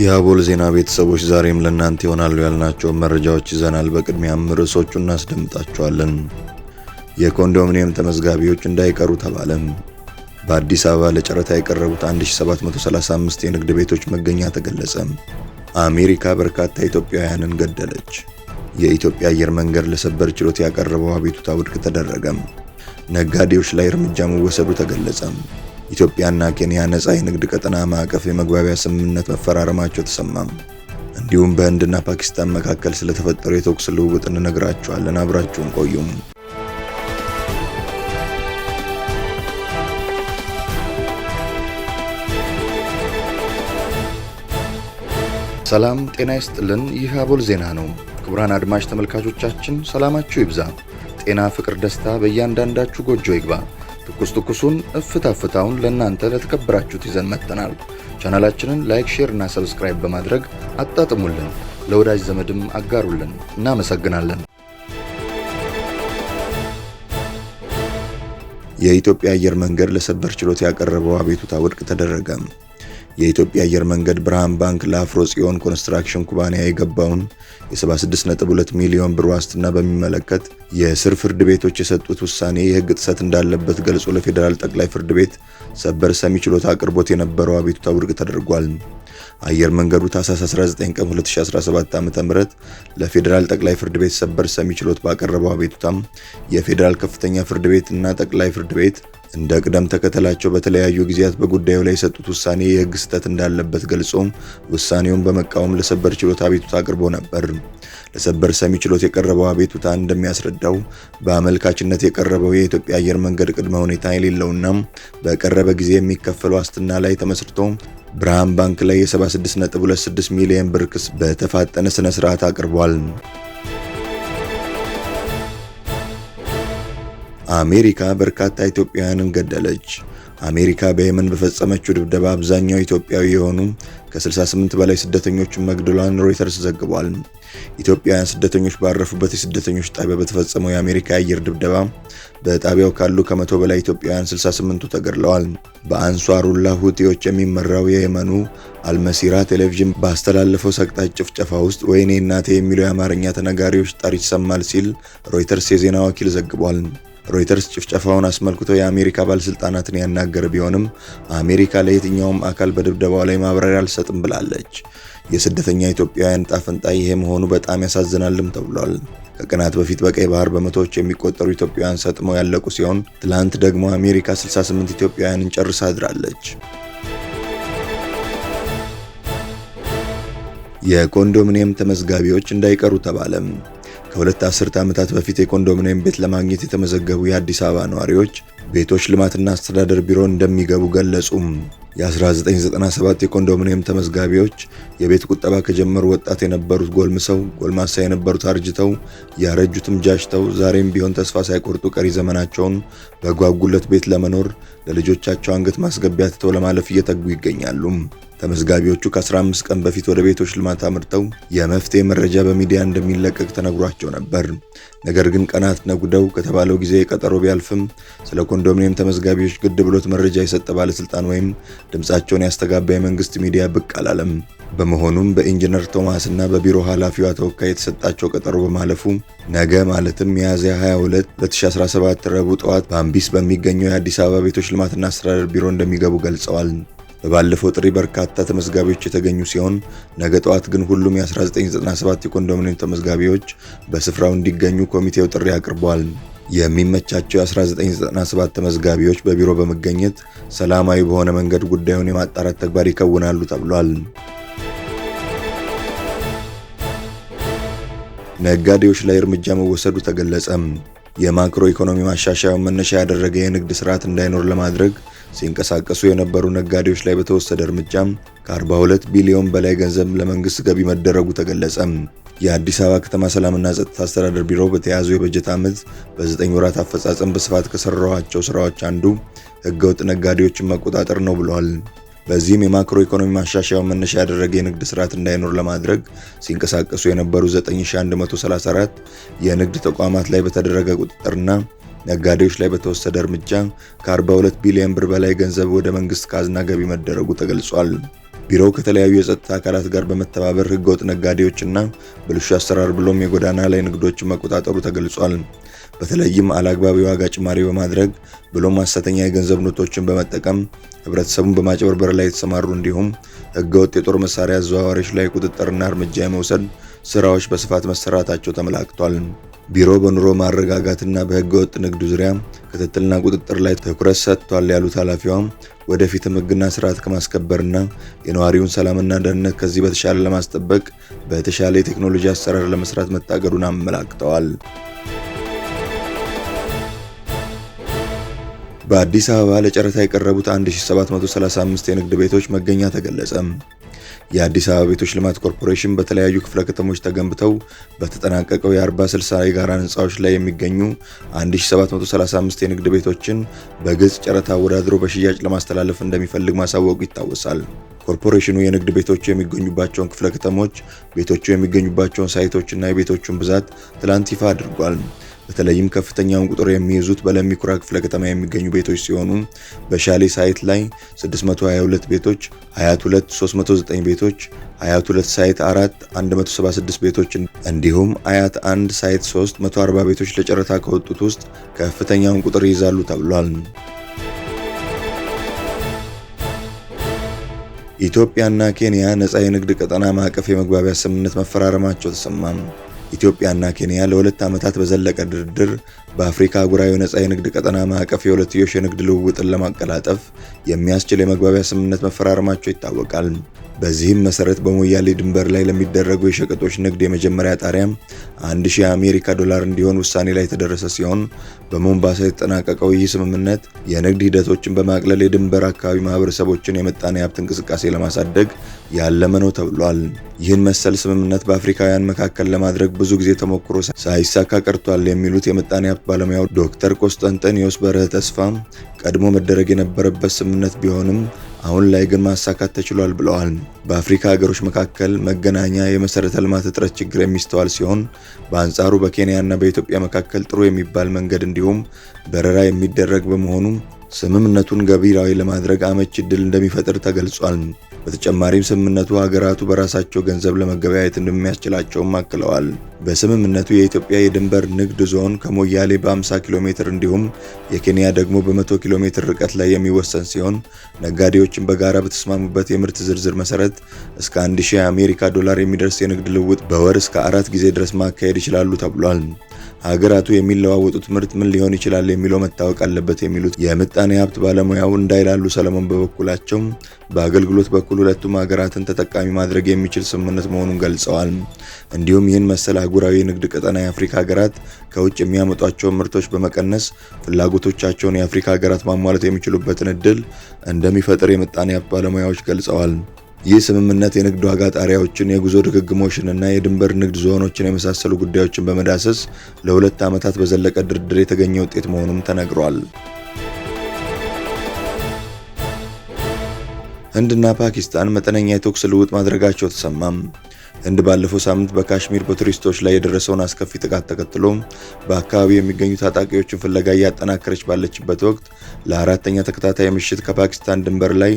የአቦል ዜና ቤተሰቦች ዛሬም ለእናንተ ይሆናሉ ያልናቸው መረጃዎች ይዘናል። በቅድሚያም ርዕሶቹ እናስደምጣቸዋለን። የኮንዶሚኒየም ተመዝጋቢዎች እንዳይቀሩ ተባለም። በአዲስ አበባ ለጨረታ የቀረቡት 1735 የንግድ ቤቶች መገኛ ተገለጸ። አሜሪካ በርካታ ኢትዮጵያውያንን ገደለች። የኢትዮጵያ አየር መንገድ ለሰበር ችሎት ያቀረበው አቤቱታ ውድቅ ተደረገም። ነጋዴዎች ላይ እርምጃ መወሰዱ ተገለጸ። ኢትዮጵያና ኬንያ ነጻ የንግድ ቀጠና ማዕቀፍ የመግባቢያ ስምምነት መፈራረማቸው ተሰማም። እንዲሁም በህንድና ፓኪስታን መካከል ስለተፈጠሩ የተኩስ ልውውጥ እንነግራችኋለን። አብራችሁን ቆዩም። ሰላም ጤና ይስጥልን። ይህ አቦል ዜና ነው። ክቡራን አድማጭ ተመልካቾቻችን ሰላማችሁ ይብዛ፣ ጤና፣ ፍቅር፣ ደስታ በእያንዳንዳችሁ ጎጆ ይግባ። ትኩስ ትኩሱን እፍታ ፍታውን ለእናንተ ለተከበራችሁት ይዘን መጥተናል። ቻናላችንን ላይክ፣ ሼር እና ሰብስክራይብ በማድረግ አጣጥሙልን፣ ለወዳጅ ዘመድም አጋሩልን። እናመሰግናለን። የኢትዮጵያ አየር መንገድ ለሰበር ችሎት ያቀረበው አቤቱታ ውድቅ ተደረገ። የኢትዮጵያ አየር መንገድ ብርሃን ባንክ ለአፍሮ ጽዮን ኮንስትራክሽን ኩባንያ የገባውን የ76.2 ሚሊዮን ብር ዋስትና በሚመለከት የስር ፍርድ ቤቶች የሰጡት ውሳኔ የህግ ጥሰት እንዳለበት ገልጾ ለፌዴራል ጠቅላይ ፍርድ ቤት ሰበር ሰሚ ችሎታ አቅርቦት የነበረው አቤቱታ ውድቅ ተደርጓል። አየር መንገዱ ታህሳስ 19 ቀን 2017 ዓ.ም ለፌዴራል ጠቅላይ ፍርድ ቤት ሰበር ሰሚ ችሎት ባቀረበው አቤቱታም የፌዴራል ከፍተኛ ፍርድ ቤት እና ጠቅላይ ፍርድ ቤት እንደ ቅደም ተከተላቸው በተለያዩ ጊዜያት በጉዳዩ ላይ የሰጡት ውሳኔ የህግ ስህተት እንዳለበት ገልጾ ውሳኔውን በመቃወም ለሰበር ችሎት አቤቱታ አቅርቦ ነበር። ለሰበር ሰሚ ችሎት የቀረበው አቤቱታ እንደሚያስረዳው በአመልካችነት የቀረበው የኢትዮጵያ አየር መንገድ ቅድመ ሁኔታ የሌለውና በቀረበ ጊዜ የሚከፈል ዋስትና ላይ ተመስርቶ ብርሃን ባንክ ላይ የ76.26 ሚሊዮን ብር ክስ በተፋጠነ ሥነ ሥርዓት አቅርቧል። አሜሪካ በርካታ ኢትዮጵያውያንን ገደለች። አሜሪካ በየመን በፈጸመችው ድብደባ አብዛኛው ኢትዮጵያዊ የሆኑ ከ68 በላይ ስደተኞችን መግደሏን ሮይተርስ ዘግቧል። ኢትዮጵያውያን ስደተኞች ባረፉበት የስደተኞች ጣቢያ በተፈጸመው የአሜሪካ የአየር ድብደባ በጣቢያው ካሉ ከመቶ በላይ ኢትዮጵያውያን 68ቱ ተገድለዋል። በአንሷሩላ ሁቲዎች የሚመራው የየመኑ አልመሲራ ቴሌቪዥን ባስተላለፈው ሰቅጣጭ ጭፍጨፋ ውስጥ ወይኔ እናቴ የሚለው የአማርኛ ተነጋሪዎች ጣሪ ይሰማል ሲል ሮይተርስ የዜና ወኪል ዘግቧል። ሮይተርስ ጭፍጨፋውን አስመልክቶ የአሜሪካ ባለስልጣናትን ያናገረ ቢሆንም አሜሪካ ለየትኛውም አካል በድብደባው ላይ ማብራሪያ አልሰጥም ብላለች። የስደተኛ ኢትዮጵያውያን ጣፍንጣ ይሄ መሆኑ በጣም ያሳዝናልም ተብሏል። ከቀናት በፊት በቀይ ባህር በመቶዎች የሚቆጠሩ ኢትዮጵያውያን ሰጥመው ያለቁ ሲሆን ትላንት ደግሞ አሜሪካ 68 ኢትዮጵያውያንን ጨርሳ አድራለች። የኮንዶሚኒየም ተመዝጋቢዎች እንዳይቀሩ ተባለም። ከሁለት አስርት ዓመታት በፊት የኮንዶሚኒየም ቤት ለማግኘት የተመዘገቡ የአዲስ አበባ ነዋሪዎች ቤቶች ልማትና አስተዳደር ቢሮ እንደሚገቡ ገለጹም። የ1997 የኮንዶሚኒየም ተመዝጋቢዎች የቤት ቁጠባ ከጀመሩ ወጣት የነበሩት ጎልምሰው፣ ጎልማሳ የነበሩት አርጅተው፣ ያረጁትም ጃጅተው ዛሬም ቢሆን ተስፋ ሳይቆርጡ ቀሪ ዘመናቸውን በጓጉለት ቤት ለመኖር ለልጆቻቸው አንገት ማስገቢያ ትተው ለማለፍ እየተጉ ይገኛሉ። ተመዝጋቢዎቹ ከ15 ቀን በፊት ወደ ቤቶች ልማት አምርተው የመፍትሄ መረጃ በሚዲያ እንደሚለቀቅ ተነግሯቸው ነበር። ነገር ግን ቀናት ነጉደው ከተባለው ጊዜ ቀጠሮ ቢያልፍም ስለ ኮንዶሚኒየም ተመዝጋቢዎች ግድ ብሎት መረጃ የሰጠ ባለስልጣን ወይም ድምፃቸውን ያስተጋባ የመንግስት ሚዲያ ብቅ አላለም። በመሆኑም በኢንጂነር ቶማስ እና በቢሮ ኃላፊዋ ተወካይ የተሰጣቸው ቀጠሮ በማለፉ ነገ ማለትም ሚያዝያ 22 2017 ረቡዕ ጠዋት በአምቢስ በሚገኘው የአዲስ አበባ ቤቶች ልማትና አስተዳደር ቢሮ እንደሚገቡ ገልጸዋል። በባለፈው ጥሪ በርካታ ተመዝጋቢዎች የተገኙ ሲሆን ነገ ጠዋት ግን ሁሉም የ1997 የኮንዶሚኒየም ተመዝጋቢዎች በስፍራው እንዲገኙ ኮሚቴው ጥሪ አቅርቧል። የሚመቻቸው የ1997 ተመዝጋቢዎች በቢሮ በመገኘት ሰላማዊ በሆነ መንገድ ጉዳዩን የማጣራት ተግባር ይከውናሉ ተብሏል። ነጋዴዎች ላይ እርምጃ መወሰዱ ተገለጸም። የማክሮ ኢኮኖሚ ማሻሻያውን መነሻ ያደረገ የንግድ ስርዓት እንዳይኖር ለማድረግ ሲንቀሳቀሱ የነበሩ ነጋዴዎች ላይ በተወሰደ እርምጃም ከ42 ቢሊዮን በላይ ገንዘብ ለመንግስት ገቢ መደረጉ ተገለጸ። የአዲስ አበባ ከተማ ሰላምና ጸጥታ አስተዳደር ቢሮ በተያዘው የበጀት ዓመት በ9 ወራት አፈጻጸም በስፋት ከሰራኋቸው ስራዎች አንዱ ህገወጥ ነጋዴዎችን መቆጣጠር ነው ብሏል። በዚህም የማክሮ ኢኮኖሚ ማሻሻያውን መነሻ ያደረገ የንግድ ስርዓት እንዳይኖር ለማድረግ ሲንቀሳቀሱ የነበሩ 9134 የንግድ ተቋማት ላይ በተደረገ ቁጥጥርና ነጋዴዎች ላይ በተወሰደ እርምጃ ከ42 ቢሊዮን ብር በላይ ገንዘብ ወደ መንግስት ካዝና ገቢ መደረጉ ተገልጿል። ቢሮው ከተለያዩ የጸጥታ አካላት ጋር በመተባበር ህገወጥ ነጋዴዎችና ብልሹ አሰራር ብሎም የጎዳና ላይ ንግዶችን መቆጣጠሩ ተገልጿል። በተለይም አላግባብ የዋጋ ጭማሪ በማድረግ ብሎም ሐሰተኛ የገንዘብ ኖቶችን በመጠቀም ህብረተሰቡን በማጭበርበር ላይ የተሰማሩ እንዲሁም ህገወጥ የጦር መሳሪያ አዘዋዋሪዎች ላይ ቁጥጥርና እርምጃ የመውሰድ ስራዎች በስፋት መሰራታቸው ተመላክቷል። ቢሮ በኑሮ ማረጋጋትና በህገ ወጥ ንግድ ዙሪያ ክትትልና ቁጥጥር ላይ ትኩረት ሰጥቷል ያሉት ኃላፊዋም ወደፊትም ህግና ስርዓት ከማስከበርና የነዋሪውን ሰላምና ደህንነት ከዚህ በተሻለ ለማስጠበቅ በተሻለ የቴክኖሎጂ አሰራር ለመስራት መታገዱን አመላክተዋል። በአዲስ አበባ ለጨረታ የቀረቡት 1735 የንግድ ቤቶች መገኛ ተገለጸ። የአዲስ አበባ ቤቶች ልማት ኮርፖሬሽን በተለያዩ ክፍለ ከተሞች ተገንብተው በተጠናቀቀው የ40/60 የጋራ ህንፃዎች ላይ የሚገኙ 1735 የንግድ ቤቶችን በግልጽ ጨረታ አወዳድሮ በሽያጭ ለማስተላለፍ እንደሚፈልግ ማሳወቁ ይታወሳል። ኮርፖሬሽኑ የንግድ ቤቶቹ የሚገኙባቸውን ክፍለ ከተሞች፣ ቤቶቹ የሚገኙባቸውን ሳይቶችና የቤቶቹን ብዛት ትላንት ይፋ አድርጓል። በተለይም ከፍተኛውን ቁጥር የሚይዙት በለሚኩራ ክፍለ ከተማ የሚገኙ ቤቶች ሲሆኑ በሻሌ ሳይት ላይ 622 ቤቶች፣ ሀያት 2 309 ቤቶች፣ ሀያት 2 ሳይት 4 176 ቤቶች እንዲሁም አያት 1 ሳይት 3 140 ቤቶች ለጨረታ ከወጡት ውስጥ ከፍተኛውን ቁጥር ይይዛሉ ተብሏል። ኢትዮጵያና ኬንያ ነፃ የንግድ ቀጠና ማዕቀፍ የመግባቢያ ስምምነት መፈራረማቸው ተሰማ። ኢትዮጵያና ኬንያ ለሁለት ዓመታት በዘለቀ ድርድር በአፍሪካ አህጉራዊ ነጻ የንግድ ቀጠና ማዕቀፍ የሁለትዮሽ የንግድ ልውውጥን ለማቀላጠፍ የሚያስችል የመግባቢያ ስምምነት መፈራረማቸው ይታወቃል። በዚህም መሰረት በሞያሌ ድንበር ላይ ለሚደረጉ የሸቀጦች ንግድ የመጀመሪያ ጣሪያ 1000 የአሜሪካ ዶላር እንዲሆን ውሳኔ ላይ የተደረሰ ሲሆን በሞምባሳ የተጠናቀቀው ይህ ስምምነት የንግድ ሂደቶችን በማቅለል የድንበር አካባቢ ማህበረሰቦችን የምጣኔ ሀብት እንቅስቃሴ ለማሳደግ ያለመ ነው ተብሏል። ይህን መሰል ስምምነት በአፍሪካውያን መካከል ለማድረግ ብዙ ጊዜ ተሞክሮ ሳይሳካ ቀርቷል የሚሉት የምጣኔ ሀብት ባለሙያው ዶክተር ቆስጠንጠኒዮስ በርህ ተስፋ ቀድሞ መደረግ የነበረበት ስምምነት ቢሆንም አሁን ላይ ግን ማሳካት ተችሏል ብለዋል። በአፍሪካ ሀገሮች መካከል መገናኛ የመሰረተ ልማት እጥረት ችግር የሚስተዋል ሲሆን በአንጻሩ በኬንያና በኢትዮጵያ መካከል ጥሩ የሚባል መንገድ እንዲሁም በረራ የሚደረግ በመሆኑ ስምምነቱን ገቢራዊ ለማድረግ አመች እድል እንደሚፈጥር ተገልጿል። በተጨማሪም ስምምነቱ ሀገራቱ በራሳቸው ገንዘብ ለመገበያየት እንደሚያስችላቸውም አክለዋል። በስምምነቱ የኢትዮጵያ የድንበር ንግድ ዞን ከሞያሌ በ50 ኪሎ ሜትር እንዲሁም የኬንያ ደግሞ በ100 ኪሎ ሜትር ርቀት ላይ የሚወሰን ሲሆን ነጋዴዎችን በጋራ በተስማሙበት የምርት ዝርዝር መሰረት እስከ 1000 የአሜሪካ ዶላር የሚደርስ የንግድ ልውውጥ በወር እስከ አራት ጊዜ ድረስ ማካሄድ ይችላሉ ተብሏል። ሀገራቱ የሚለዋወጡት ምርት ምን ሊሆን ይችላል የሚለው መታወቅ አለበት የሚሉት የምጣኔ ሀብት ባለሙያው እንዳይላሉ ሰለሞን በበኩላቸው በአገልግሎት በኩል ሁለቱም ሀገራትን ተጠቃሚ ማድረግ የሚችል ስምምነት መሆኑን ገልጸዋል። እንዲሁም ይህን መሰል አህጉራዊ የንግድ ቀጠና የአፍሪካ ሀገራት ከውጭ የሚያመጧቸውን ምርቶች በመቀነስ ፍላጎቶቻቸውን የአፍሪካ ሀገራት ማሟላት የሚችሉበትን እድል እንደሚፈጥር የምጣኔ ሀብት ባለሙያዎች ገልጸዋል። ይህ ስምምነት የንግድ ዋጋ ጣሪያዎችን፣ የጉዞ እና የድንበር ንግድ ዞኖችን የመሳሰሉ ጉዳዮችን በመዳሰስ ለሁለት ዓመታት በዘለቀ ድርድር የተገኘ ውጤት መሆኑም ተነግሯል። ህንድና ፓኪስታን መጠነኛ የተኩስ ልውውጥ ማድረጋቸው ተሰማም። ህንድ ባለፈው ሳምንት በካሽሚር በቱሪስቶች ላይ የደረሰውን አስከፊ ጥቃት ተከትሎ በአካባቢው የሚገኙ ታጣቂዎችን ፍለጋ እያጠናከረች ባለችበት ወቅት ለአራተኛ ተከታታይ ምሽት ከፓኪስታን ድንበር ላይ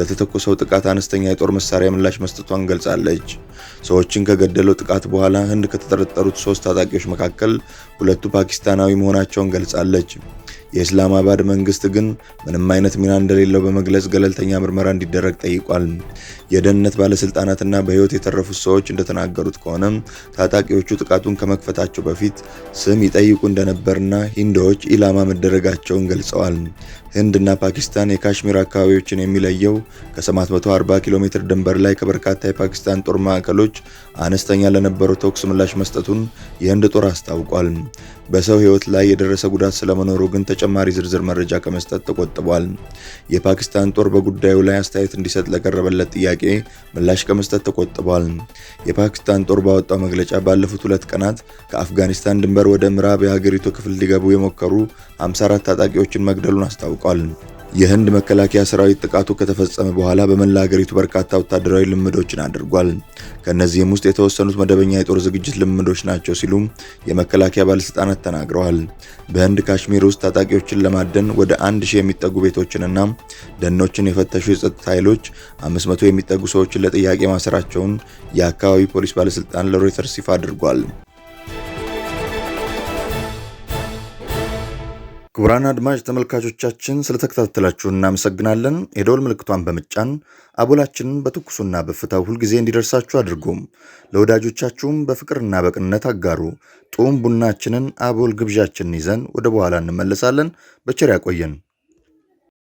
ለተተኮሰው ጥቃት አነስተኛ የጦር መሳሪያ ምላሽ መስጠቷን ገልጻለች። ሰዎችን ከገደለው ጥቃት በኋላ ህንድ ከተጠረጠሩት ሶስት ታጣቂዎች መካከል ሁለቱ ፓኪስታናዊ መሆናቸውን ገልጻለች። የእስላማባድ መንግስት ግን ምንም አይነት ሚና እንደሌለው በመግለጽ ገለልተኛ ምርመራ እንዲደረግ ጠይቋል። የደህንነት ባለስልጣናትና በህይወት የተረፉት ሰዎች እንደተናገሩት ከሆነ ታጣቂዎቹ ጥቃቱን ከመክፈታቸው በፊት ስም ይጠይቁ እንደነበርና ሂንዶዎች ኢላማ መደረጋቸውን ገልጸዋል። ህንድና ፓኪስታን የካሽሚር አካባቢዎችን የሚለየው ከ740 ኪሎ ሜትር ድንበር ላይ ከበርካታ የፓኪስታን ጦር ማዕከሎች አነስተኛ ለነበረው ተኩስ ምላሽ መስጠቱን የህንድ ጦር አስታውቋል። በሰው ህይወት ላይ የደረሰ ጉዳት ስለመኖሩ ግን ተጨማሪ ዝርዝር መረጃ ከመስጠት ተቆጥቧል። የፓኪስታን ጦር በጉዳዩ ላይ አስተያየት እንዲሰጥ ለቀረበለት ጥያቄ ምላሽ ከመስጠት ተቆጥቧል። የፓኪስታን ጦር ባወጣው መግለጫ ባለፉት ሁለት ቀናት ከአፍጋኒስታን ድንበር ወደ ምዕራብ የሀገሪቱ ክፍል ሊገቡ የሞከሩ 54 ታጣቂዎችን መግደሉን አስታውቋል። አስታውቋል። የህንድ መከላከያ ሰራዊት ጥቃቱ ከተፈጸመ በኋላ በመላ ሀገሪቱ በርካታ ወታደራዊ ልምዶችን አድርጓል። ከእነዚህም ውስጥ የተወሰኑት መደበኛ የጦር ዝግጅት ልምዶች ናቸው ሲሉ የመከላከያ ባለስልጣናት ተናግረዋል። በህንድ ካሽሚር ውስጥ ታጣቂዎችን ለማደን ወደ አንድ ሺህ የሚጠጉ ቤቶችንና ደኖችን የፈተሹ የጸጥታ ኃይሎች 500 የሚጠጉ ሰዎችን ለጥያቄ ማሰራቸውን የአካባቢ ፖሊስ ባለስልጣን ለሮይተርስ ይፋ አድርጓል። ክቡራን አድማጭ ተመልካቾቻችን ስለተከታተላችሁ እናመሰግናለን። የደወል ምልክቷን በምጫን አቦላችንን በትኩሱና በፍታው ሁልጊዜ እንዲደርሳችሁ አድርጎም ለወዳጆቻችሁም በፍቅርና በቅንነት አጋሩ። ጡም ቡናችንን አቦል ግብዣችንን ይዘን ወደ በኋላ እንመለሳለን። በቸር ያቆየን።